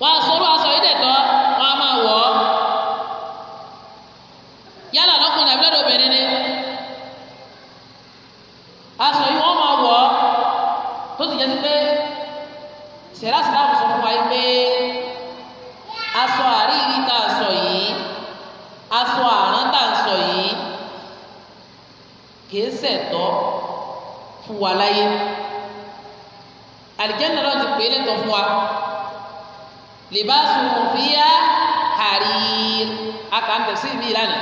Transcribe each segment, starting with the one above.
wọ́n aṣọ́rú aṣọ yìí dẹ̀tọ́ wọ́n á máa wọ̀ ọ́ yálà lọ́kùnrin àbí lọ́dọ̀ obìnrin ni aṣọ yìí wọ́n máa wọ̀ ọ́ tó sì jẹ́ sí pé ṣẹ̀dá ṣẹ̀dá kò sọ fún wa yìí pé aṣọ àríyí tá a sọ yìí aṣọ àrán tá a sọ yìí kìí ṣẹ̀tọ́ fún wa láyé àlìjẹ́ náà ti pè é lẹ́tọ̀ fún wa libasuhum fiha harir akàǹtẹ̀ sí ibi ìlànà.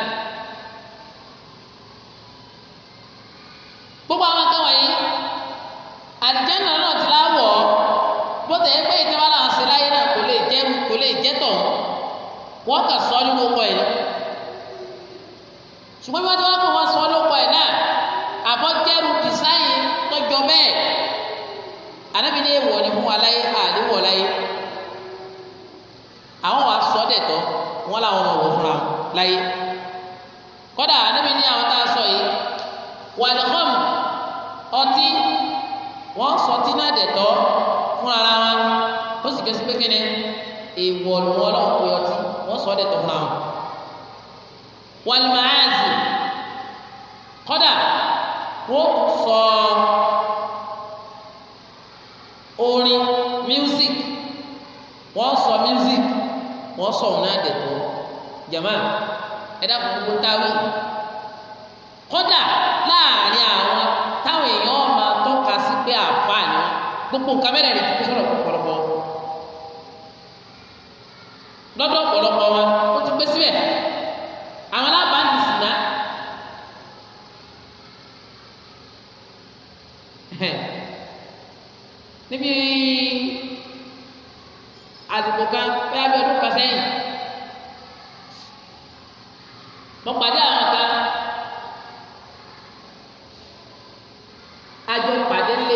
gbogbo àwọn nǹkan wọ̀nyí àlìjẹ́nà náà ti láwọ̀ bó tẹ̀ ẹ́ pé ìjọba náà ṣe láyé náà kò lè jẹ́ kò lè jẹ́ tọ̀ wọ́n kà sọ ní gbogbo ẹ̀ ṣùgbọ́n bí wọ́n ti wá kó wọn sọ lóko ẹ̀ náà àbọ̀ jẹ́rù dìsáyìn tọ́jọ́ bẹ́ẹ̀ ànábìíní èèwọ̀ ni fún wa láyé wọn làwọn ọmọ wò fúnra láyé kódà níbi ní àwọn tá a sọ yìí wàlúkọ́m ọtí wọ́n sọ ọtí náà dẹ̀tọ́ fún ara wọn ó sì kẹsí pé kíni èèwọ̀ ló wọ́n lọ́wọ́ pé ọtí wọ́n sọ dẹ̀tọ́ fún àwọn. wàlúmáàzì kódà wọ́n sọ orin music wọ́n sọ music wọ́n sọ ọ̀hún náà dẹ̀tọ́ jama ẹ̀dá gbogbo táwí kọ́dà láàrin àwọn táwọn èèyàn máa tọ́ka sí pé àǹfààní gbogbo nǹkan mẹ́rẹ̀ẹ̀rin kò sọ̀rọ̀ ọ̀pọ̀lọpọ̀ lọ́dọ̀ ọ̀pọ̀lọpọ̀ wọn.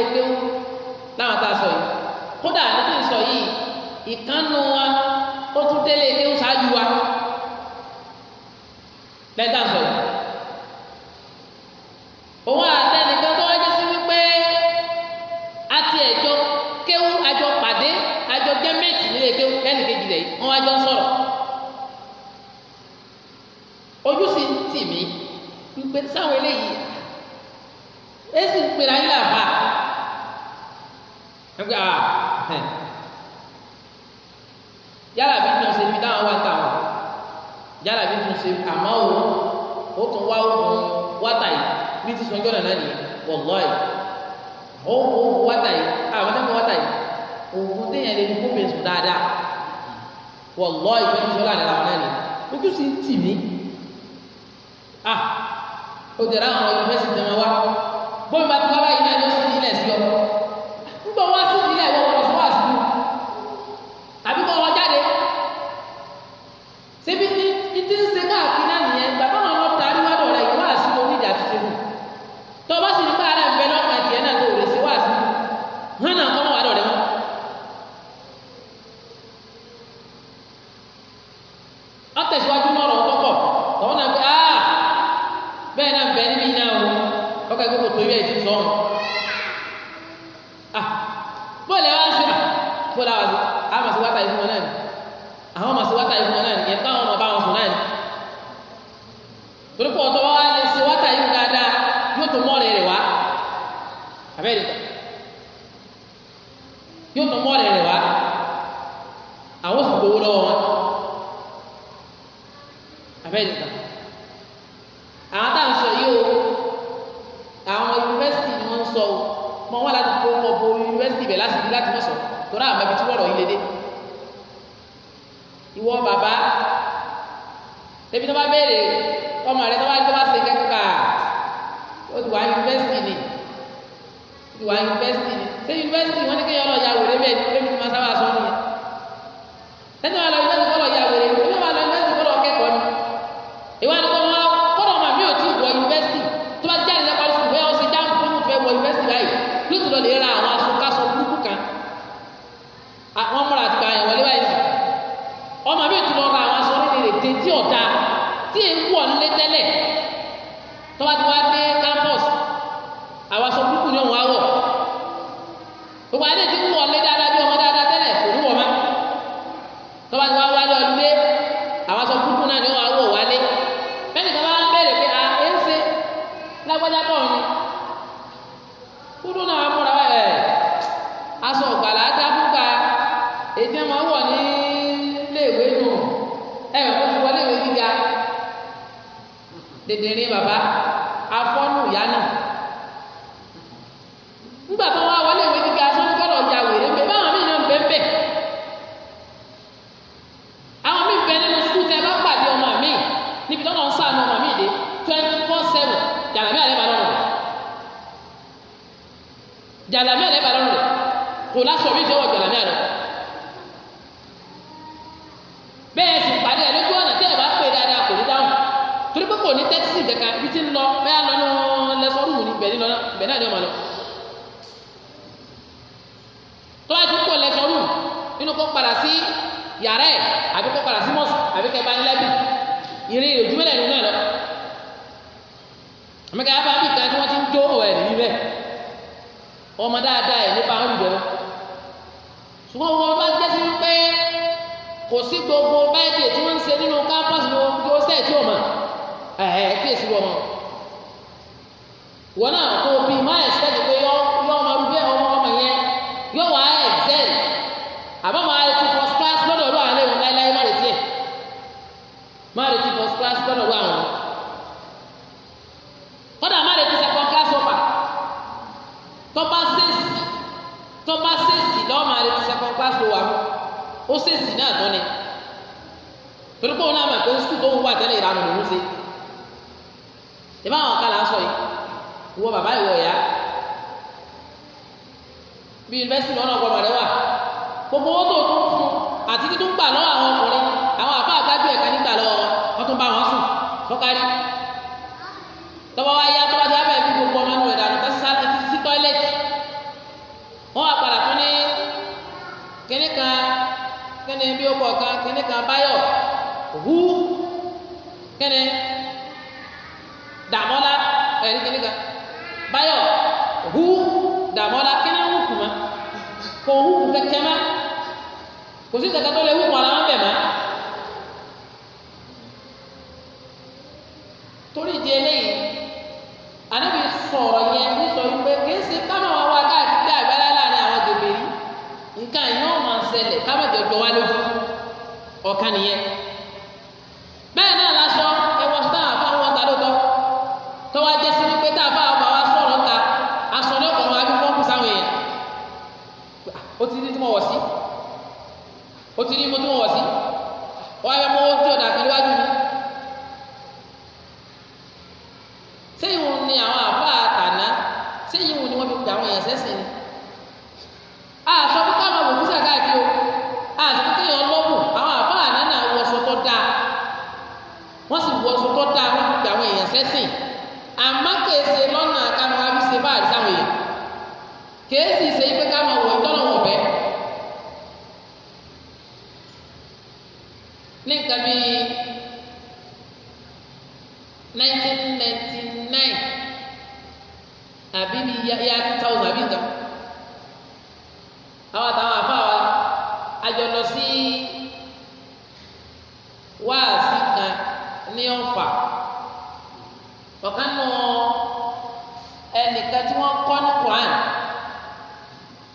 lé léwu láwọn tá a sọ yìí kódà níbi ìsọ yìí ìkànnù wa ó tún délé léwu ṣáájú wa lẹ́tà sọ yìí. òun àtẹnìkan tó wájú sí wípé a ti ẹ̀jọ kéwú àjọ pàdé àjọ gẹ́mẹ̀tì nílé kéwú lẹ́nu kejì rẹ̀ yìí wọ́n àjọ sọ̀rọ̀ ojú sì ń tì mí wípé sáwọn eléyìí ẹ sì ń pera yín làbá pé a ah, yálà bí tún ṣe ibi táwọn wá ta wọn yálà bí tún ṣe àmọ́ o ó tún wá òògùn wátà yìí bí ti sọ́jọ́ náà nìyẹn wọ̀lọ́ yìí ó òògùn wátà yìí àwọn tẹ́kọ̀ọ́ wátà yìí òògùn téèyàn lè fi kó bẹ̀rẹ̀ sùn dáadáa wọ̀lọ́ yìí bí ti sọ́jọ́ náà nìyẹn ojú sì ń tì mí ah ó jẹ̀rọ àwọn yunifásitì wọn wá bóyá bá ti wá bá. você vai ver ele. lágbájá kọ́ ni kúrú náà múra ẹ̀ aṣọ ọ̀gbàlá dábùkà ètí ẹ̀ máa wọ̀ ní iléèwé nù ẹ̀ kó ti wọlé ìwé gíga dèdè ní bàbá afọ́nù ìyá ibẹ̀ náà ni ọmọ lọ. tó bá ti kó lẹ́sọ̀ rúùmù nínú kó padà sí yàrá ẹ̀ àbí kó padà sí mọ́sù àbí kẹ́ bá ní lẹ́bì ìrìn ìrìn ojúmọ́lẹ̀ nínú ẹ̀ lọ. àmọ́kẹ́ yàrá bí kan tí wọ́n ti ń jó ẹ̀ nìyí bẹ́ẹ̀ ọmọ dáadáa ẹ̀ nípa ń bẹ̀rẹ̀ ṣùgbọ́n wọn bá jẹ́ sí pé kò sí gbogbo báyìí tí wọ́n ń ṣe nínú kápásì lọ́wọ́ kí ó sẹ́ẹ̀ tí ò mọ̀ ẹ̀ẹ́ kíyèsí wọn wọn náà kó o fi má ẹ̀sìtẹ́tì pé yọ yọ ọmọ ọdún bẹ́ẹ̀ ọmọ ọmọ yẹn yọ wà á ẹ̀xẹ́l àbá máa retí first class lọ́dọ̀ ọ̀dọ̀ àwọn ẹlẹ́wọ̀n láéláé má retí ẹ̀ má retí first class lọ́dọ̀ ọ̀dọ̀ àwọn kọ́dà má retí second class ọ̀pà tọ́ba sèṣì tọ́ba sèṣì lọ́ọ́ má retí second class lọ́wọ́ àwọn ó sèṣì náà tán ni torí pé òun náà mọ̀ pé sukùl tó ń wà tẹ́lẹ̀ ìranù lòún ṣe ìbáwọn kan là ń sọ yìí ìwọ bàbá ìwọ ìyá bí yunifásitì lọ́nà ọgbọ́n rẹ wà gbogbo owó tó tó ń fún àti títí ń gbà lọ́wọ́ àwọn ọkùnrin àwọn àbá àgbájú ẹ̀ka nígbà lọ́wọ́ wọ́n tún bá wọn sùn sọ́kárí tọ́wọ́ wá yá tọ́wọ́ tí wọ́n bẹ̀rẹ̀ bí gbogbo ọmọ inú rẹ̀ dànù tó sá ti sí tọ́ílẹ̀tì wọ́n wá padà tún ní kíní kan kíní bí ó pọ̀ kan kíní kan báyọ̀ wú kíní. kẹ̀kẹ́ má kò sí kẹ̀kẹ́ tó lè wú pọ̀ làwọn bẹ̀ má. torí ìdí eléyìí ànábì sọ̀rọ̀ yẹn ní sọ wípé kì í ṣe káwọn wá wá káàkiri pé àgbàlá láàrin àwọn gbèbè yìí nǹkan yìí wọ́n máa ṣẹlẹ̀ káwọn jọjọ wá lójú ọ̀kan nìyẹn. ó ti ní mo tún àjọ lọ sí wáàsí kan ní ọ̀fà ọ̀kan nù ẹnìkan tí wọ́n kọ́ ní Quran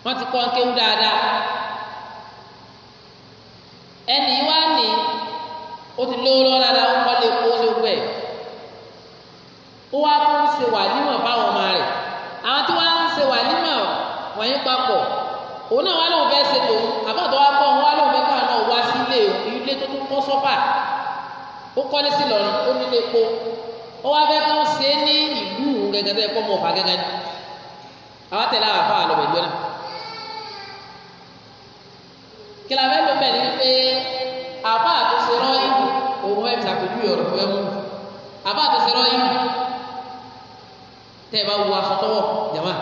wọ́n ti kọ́ kéwú dáadáa ẹnì wá ní ó ti lówó lọ́wọ́ dáadáa ó kọ́ lè kó lówó ẹ̀ ó wá tó ń ṣe wà nímọ̀ báwọn ọmọ rẹ̀ àwọn tí wọ́n á ń ṣe wà nímọ̀ wọ̀nyí papọ̀ òun náà wà lóun fẹ́ ṣe tòun àbọ̀dọ̀ wa tó tún kọ́ sọ́fà ó kọ́lé sí lọ́rùn ó nílé epo ó wá fẹ́ kán ṣe é ní ìlú gẹ́gẹ́ bẹ́ẹ̀ kọ́ mọ̀ ọ̀fà gẹ́gẹ́ ni àwọn tẹ̀lé àwọn afọ àlọ́ ìjọ náà kìlàfẹ́ ló bẹ̀ ní pé àbá àtúnṣe rọ́ ìlú òun ẹ̀ tàbí ọ̀rọ̀ ẹ̀ mú àbá àtúnṣe rọ́ ìlú tẹ́ ẹ bá wu aṣọ tọwọ́ jama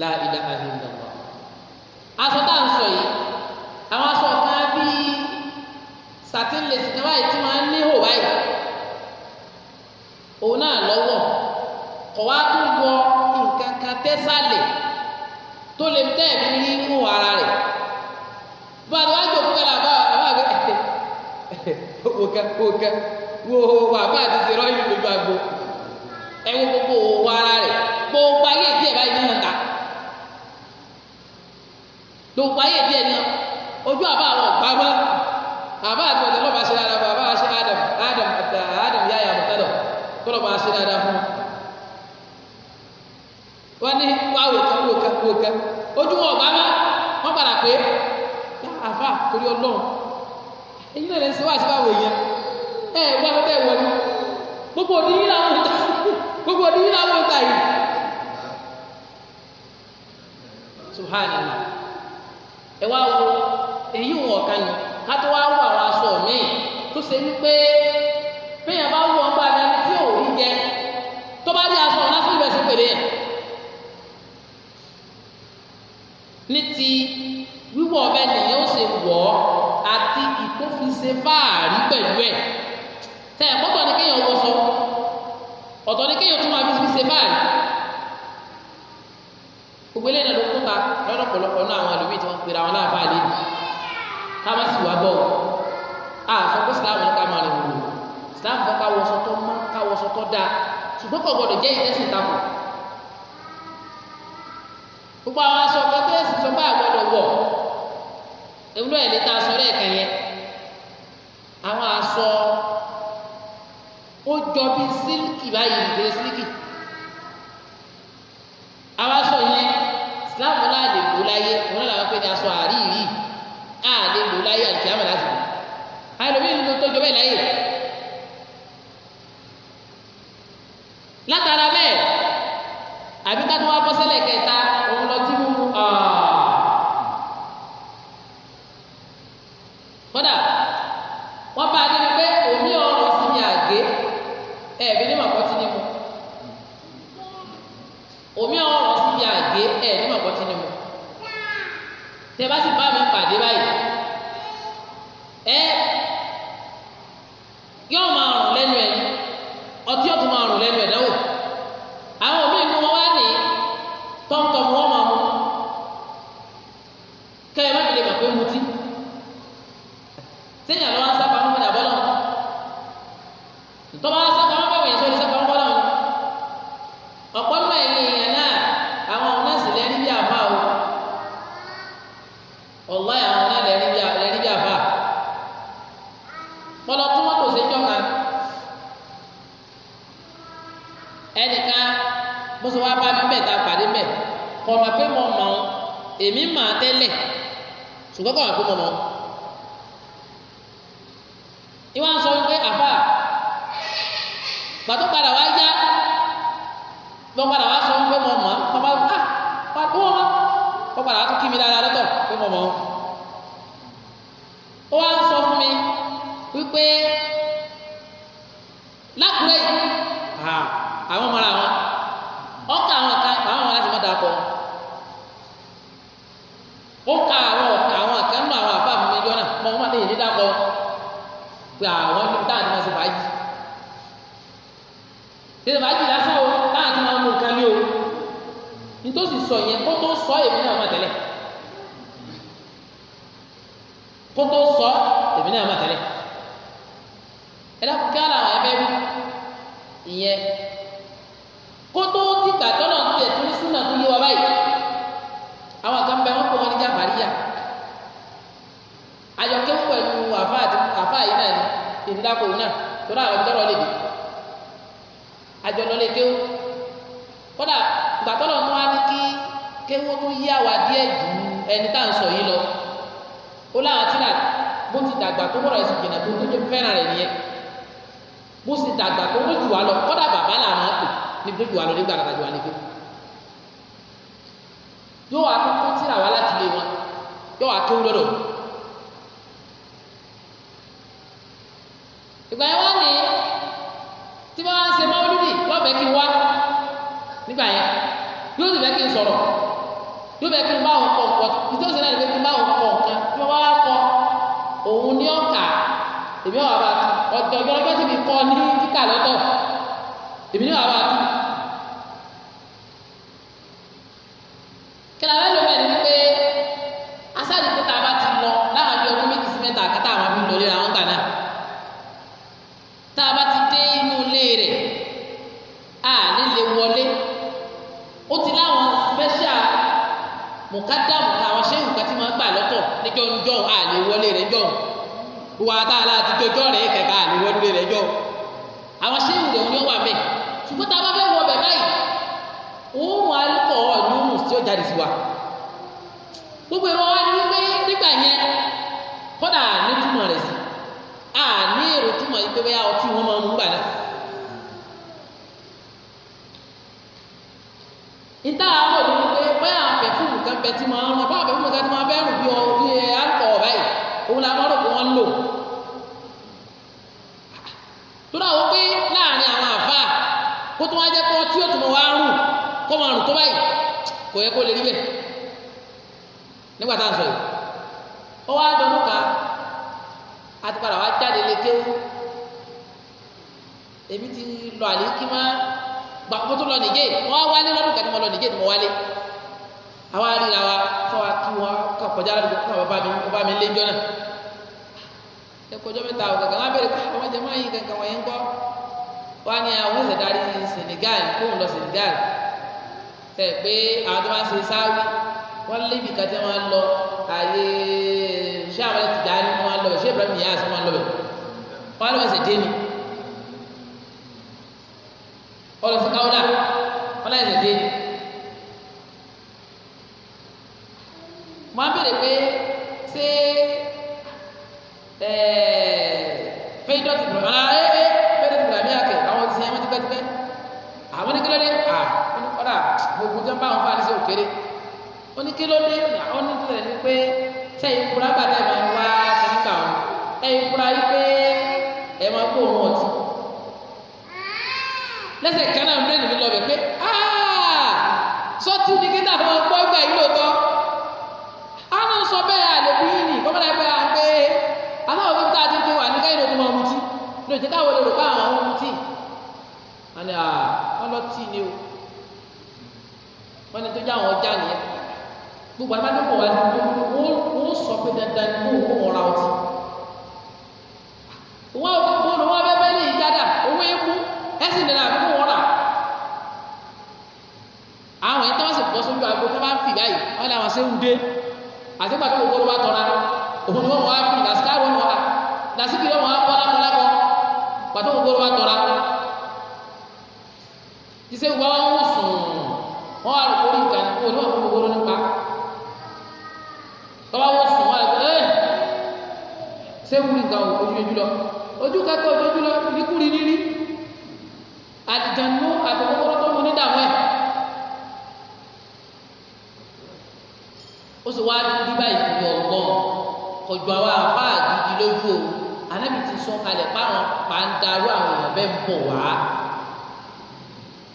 la ilaha illallah aṣọ satin lace ní báyìí tí máa ń ní hò báyìí òun náà lọ́wọ́ kọ̀ tó wọ nǹkan kan tẹ́sàlẹ̀ tó lè tẹ́ ẹ̀mí ní hò ara a lọ wájú òkú wò wò wò gbogbo ara àbá àti ọ̀dọ̀ lọ́ba ṣe dáadáa fún àbá ṣe Adam Adam àti Adam yá yà mọ̀tẹ́lọ̀ kó lọ́ba ṣe dáadáa fún. wọ́n ní wá wòká wòká wòká ojúmọ̀ ọ̀bá má wọ́n padà pé àfà torí ọlọ́run èyí náà lè ṣe wá síbáwò yẹn ẹ ẹ gbọ́dọ̀ bẹ́ẹ̀ wọlé gbogbo òdi yìí làwọn ń ta gbogbo òdi yìí làwọn ta yìí subhanallah ẹ wá wo èyí wọn ọ̀kan yìí ká tó wá wọ àwọn aṣọ míì tó ṣe wípé bẹ́ẹ̀ bá wọ ọgbà mi tí ò rí jẹ tó bá rí aṣọ lásán ìbẹ̀ sí pèrè yẹn. ní ti wíwọ ọbẹ̀ nìyẹn ó ṣe wọ̀ ọ́ àti ìkófinṣe fáàrí pẹ̀lú ẹ̀ tẹ̀ ọ̀pọ̀tọ̀ ni kéèyàn wọ sọ ọ̀tọ̀ ni kéèyàn tún máa fi ṣe fáàrí gbogbo eléyìí náà ló kópa lọ́dọ̀ pọ̀lọpọ̀ náà àwọn àlùmíì tí wọ́n ń pera wọn láàbá lé káma sì wá bọ̀ a sọ pé islam ní ká máa rìn wò islam fẹ́ káwọ sọtọ́ mọ́ káwọ da dá ṣùgbọ́n kò gbọdọ̀ jẹ́ ìjẹ́sìn takò gbogbo àwọn aṣọ kan tó ẹ̀sìn sọ pé àgbọ̀dọ̀ wọ̀ ewúrọ ẹ̀ lè ta aṣọ lẹ́ẹ̀kan yẹn àwọn aṣọ ó jọ bí sílíkì báyìí ìgbẹ́ sílíkì right? gbàtó padà wá yá lọ padà wá sọ pé mo mọ̀ ọ́ bá ah, a pàtó wọn ó padà wá tún kí mi dáadáa lọ́tọ̀ pé mo mọ̀ ọ́ ó wá sọ fún mi wípé lákùrẹ́ yìí àwọn ọmọ rà nítòsí sọ yẹn kó tó sọ èmi náà má tẹ̀lé kó tó sọ èmi náà má tẹ̀lé ẹ dákú kí á làwọn ẹgbẹ́ bí ìyẹn kó tó dìgbà tọ́nà tó yẹ tó ní súnà tó yé wa báyìí àwọn kan bẹ wọn kó wọn ní jàmbáríyà àjọké pẹ̀lú àfáà yìí náà ni èmi dákú òun náà tó náà àwọn tọ́rọ lè dé àjọ lọ lè kéwò kódà gbàtọ́lọ̀ tó wá kéwọ́n tó yé àwa díẹ̀ jù ẹni tá à ń sọ yìí lọ ó láwọn tíra bó ti dàgbà tó bọ̀rọ̀ ẹ̀sìn jìnnà tó tó fẹ́ràn rẹ̀ nìyẹn bó ti dàgbà tó tó jù wá lọ kọ́dà bàbá là máa pè ní tó jù wá lọ nígbà tó jù wá nígbà yóò wá tó kó tíra wá láti lé wọn yóò wá kéwọ́n lọ́dọ̀ ìgbà yẹn wá ní tí wọ́n á ń ṣe mọ́wúlídì wọ́n fẹ́ kí n wá nígbà yẹn yóò sì fẹ́ kí n sọ̀rọ̀ yóò bẹ kí n bá òun kọ nǹkan títí ó ṣẹlẹ̀ ní pé kí n bá òun kọ nǹkan tí wọ́n wá kọ òun ní ọ̀kà èmi ọ̀wà bá tu ọ̀jọ̀ ọ̀jọ̀ ọ̀jọ̀ tí mi kọ ní kíkà lọ́tọ̀ èmi ní ọ̀wà bá gbogbo ata aláàtí jọjọ rẹ kẹkẹ àníwọlé rẹ jọ àwọn sẹ́yìn rẹ wọn wà mẹ ṣùgbọ́n tá a bá fẹ́ wọ bẹ̀ báyìí òun alukọ̀ ọ̀nùmù tí ó jáde sí wa gbogbo ìwọ wa ni wípé nígbà yẹn kọ́dà ní a ní èrò yìí pé ọtí wọn máa ń mú àwọn òbí wípé bẹ máa ń wá jẹ́ pé ọtí yóò tún mọ̀ wá rùn kọ́ máa rùn tó báyìí kò yẹ kó lè rí bẹ́ẹ̀ nígbà tá à ń sọ yìí ó wá dọ̀nù ká àti padà wá jáde lè kéwú èmi ti lọ àlékímá gbà kó tó lọ nìjẹ́ wọ́n wá wálé lọ́dún kan tí mo lọ nìjẹ́ tí mo wálé àwa ríra wa fún wa kí wọn kọjá ládùúgbò fún àwọn bàbá mi bàbá mi léjọ náà ẹ kọjọ mẹ́ta o wọn bẹ̀rẹ̀ kọ ah, àwọn jẹmọ yìí kankan wọn yẹn ń kọ wá ní àwọn ah, ìṣẹ̀dárí Senegal kóun lọ Senegal tẹ̀ pé àwọn tó máa ń ṣe sáwí wọ́n lébi kan tí wọ́n lọ àyè ṣé àwọn ti dá ní wọ́n lọ ṣé Ibrahim Niass wọ́n lọ bẹ̀ wọ́n lọ ṣe dé ni wọ́n lọ sí káwọ́dà wọ́n lọ ṣe dé ni bèrè pé. péré ó ní kí ló dé ọ̀nà ó ní tẹ̀lé ni pé sẹ́yìn kura bàtà máa ń wá kíkà ọ̀ ẹ̀yìn kura yìí pé ẹ̀ máa kó òun ọ̀tí lẹ́sẹ̀ kan náà bírèdì mi lọ pé sọtí ni kí náà fọwọ́ gbọ́ gbà yìí lóòótọ́ àwọn sọ bẹ́ẹ̀ àlèkù yìí nì kọ́mọ́dé ẹgbẹ́ wa pé aláwọ̀ fún tá a ti ń pè wà ní káyọ̀ ọdún máa mutí lóòótọ́ káwọn olè rò pé àwọn ọmọ mutí wọn lọ tí ni o wọn ni tó jẹ́ àwọn ọjà nìyẹn gbogbo abádọ́pọ̀ wa ni wọ́n sọ pé dandan ni kó wọ́n ra ọtí wọ́n kó ló wọ́n bẹ́ẹ̀ ní ìjádà owó epo ẹ̀sìn nìyẹn àbí kó wọ́n rà àwọn ẹ̀ tí wọ́n sì bọ́ sójú àgbo tó bá ń fì báyìí wọ́n ní àwọn sẹ́wù dé àti pàtó gbogbo ló wá tọ́ra òun ni wọ́n wá fi làsíkà wọn wá làsíkì wọn wá bọ́ lákọ́lákọ́ pàtó gbogbo ló wá tọ́ra ṣíṣe gbọ́ wọn sùn wọn àrùkọ sẹ́wùrì o ojú ojú lọ ojú kẹtọ ojú ojú lọ níkúri nírí àdìjànú àtọkọkọrọ tó mú nídàmú ẹ ó sì wá dúdú báyìí kúrò ọgbọ́n kọjú àwọn àfáà gidi lójú o anábì ti sọ kalẹ̀ páwọn pàǹdarú àwọn èèyàn bẹ́ẹ̀ ń bọ̀ wá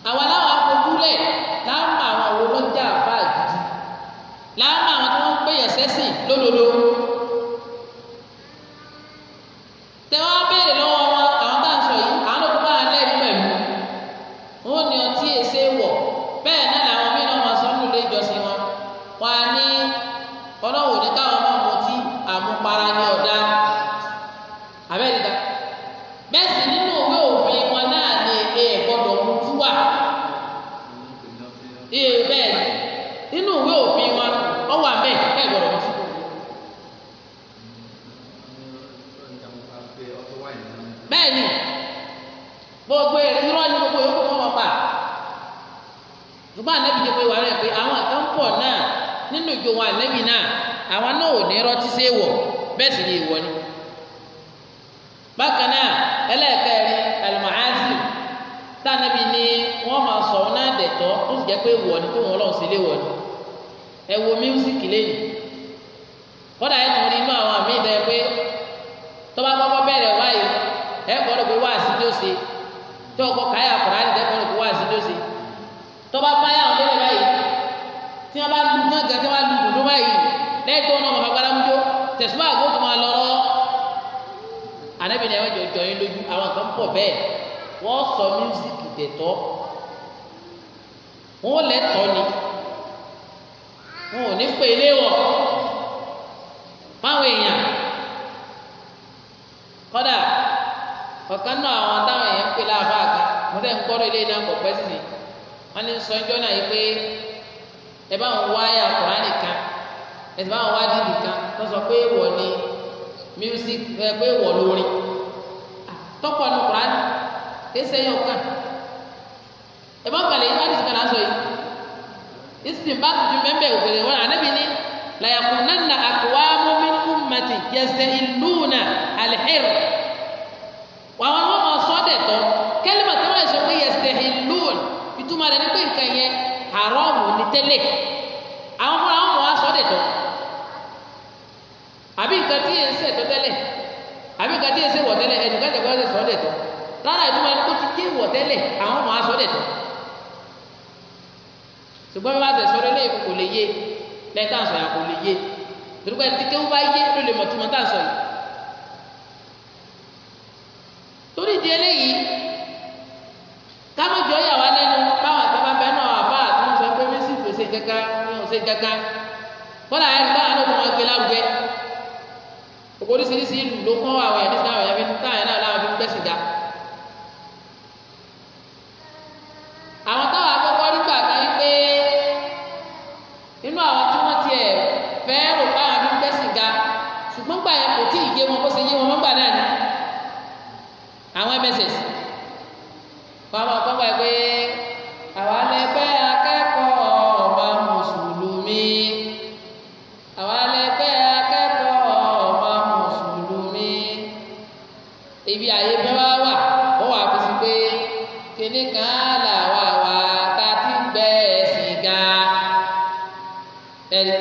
àwọn aláwọ̀ afojúlẹ̀ láàmú àwọn owó lọ́jà àfáà gidi láàmú àwọn tó ń pè yẹn sẹ́sìn lódodo. àwọn náà ò ní rọtí sí èèwọ̀ ni èèwọ̀ ni. bákan náà ẹlẹ́ẹ̀kẹrin alimọ̀hánzì tànàbí ni wọ́n máa sọ náà dẹ̀tọ́ ó sì pé èèwọ̀ ni pé wọn lọ sílé léèwọ̀ ẹ wo mísíkì lẹ́yìn tún rí inú àwọn àmì ìdá ẹ pé wáyé ẹ ló pé wá sí ló pé wá sí báyìí tí bá lu lẹ́yìn tó ń náà wọn agbáramújó tẹ̀sùmá àgbo tó máa lọ́rọ́ ànábì ni ẹ̀wọ́n jọ yín lójú àwọn kan pọ̀ bẹ́ẹ̀ wọ́n sọ mísíkì tẹ̀tọ́ wọ́n lẹ́tọ́ ni wọn ò ní pè é léwọ̀ fáwọn èèyàn kọ́dà ọ̀kan náà àwọn táwọn èèyàn ń pè láàbá àga mo tẹ́ ń gbọ́dọ̀ ilé náà kọ̀ pẹ́ sí ni wọ́n ní sọ ẹjọ́ náà yìí pé ẹ bá wọn wáyà kùránì kan ẹ̀sìn báwọn wá dìbì kan tó sọ pé èèwọ̀ ni music ẹ pé èèwọ̀ lórin tọ́pọ̀ ní kùránì kéṣe yóò kàn ẹ̀ bá kàlẹ́ yìí hádìsì kan lásọ yìí ìsìn bá tuntun mẹ́mbẹ́ òkèlè wọn ànábì ní làyàkùnánà àkùwá mọ́mìn ummati yẹsẹ̀ ìlú náà wọn wọn máa sọ dẹ̀ tọ́ kẹ́lẹ́mà tó wọ́n lè sọ pé yẹsẹ̀ ìlú ìtumọ̀ rẹ̀ ní pé nǹkan yẹn haramu ní tẹ́lẹ̀. àbí nǹkan tí yẹn ń ṣe ẹ̀tọ́ tẹ́lẹ̀ àbí nǹkan tí yẹn ń ṣe wọ̀ tẹ́lẹ̀ ẹnì kan jẹ̀kọ́ ṣe sọ́ọ́ dẹ̀tọ́ lára ìtumọ̀ ẹni kó ti dé wọ̀ tẹ́lẹ̀ àwọn ọmọ aṣọ dẹ̀tọ́ ṣùgbọ́n bí wọ́n ṣe sọ́ọ́ lé kò lè yé lẹ́yìn tá à ń sọ yà kò lè yé torípé ẹni tí kéwú bá yé ló lè mọ̀ túmọ̀ tá à ń sọ yìí torí ìdí eléyìí kámọ́jọ́ yà wá lẹ́nu báwọn àgbà bá náà àbá àti wọn sọ pé mí sì fèsì kankan wọn ò ṣe kankan kọ́lá ẹ̀ ń bá àwọn ọmọ wọn gbé lárugẹ oríṣiríṣi ìlú ló kọ́ àwọn ẹ̀mí sí àwọn ẹ̀mí táyà náà láwọn fi ń gbẹ̀sìn ga kìnní kan là wà wà tá a ti gbẹ ẹ̀sìn gan ẹ̀rí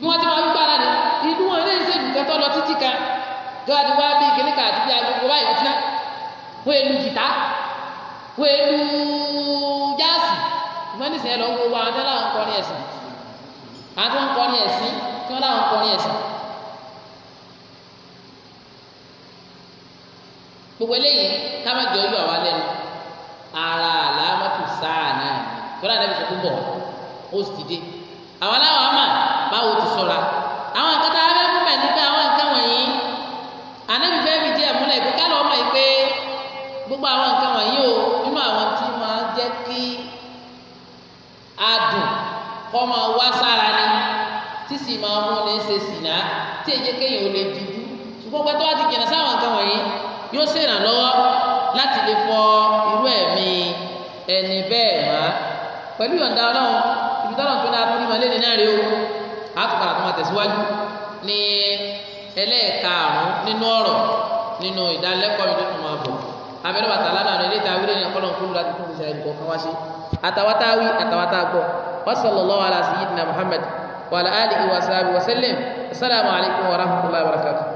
bí wọ́n ti máa ń gbára rẹ̀ inú wọn lè ṣe nǹkan tó lọ títí kan gbọ́dọ̀ wá bí kìnní kan àti bí agogo báyìí wọ́n ti ná wọ́n èlù jìtá wọ́n èlù jáàsì ìgbọ́n nísìnyẹn lọ́wọ́ wa àwọn tó láwọn ń kọrin ẹ̀sìn àwọn tó ń kọrin ẹ̀sìn tí wọ́n láwọn ń kọrin ẹ̀sìn. gbogbo eléyìí kámájọ ojú àwa lẹ́nu ara àlámọ́tò sáà náà tọ́lá nàbí sọ púpọ̀ ó sì dé àwọn aláwọ̀ àmà báwo ti sọ̀ra àwọn akẹ́tà abẹ́ fún bẹ̀ nípa àwọn nǹkan wọ̀nyí ànábì fẹ́ fi jẹ́ ẹ̀múlẹ̀ pé ká lọ́ọ́ mọ̀ pé gbogbo àwọn nǹkan wọ̀nyí o nínú àwọn tí máa jẹ́ kí adùn kọ́ máa wá sára ni tí sì máa mú ní ṣe sì náà tí èjé kéèyàn ò lè dìbò ṣùgbọ́n pẹ́ tó wá ti jìnnà yóò ṣèrànlọ́wọ́ láti lè fọ irú ẹ̀mí ẹni bẹ́ẹ̀ má pẹ̀lú ìyọ̀ǹda ọlọ́run ibi tọ́lọ̀ tó dáa tó ní malé ní náà rí o àtùpàrà tó máa tẹ̀síwájú ní ẹlẹ́ẹ̀karùn-ún nínú ọ̀rọ̀ nínú ìdánilẹ́kọ̀ọ́ mi tó tún máa bọ̀ abẹ́rẹ́ bàtà lánàá rẹ̀ léta wílé ní ọkọ́ lọ́nkúrú láti fún ìṣẹ̀lẹ̀ nìkan kan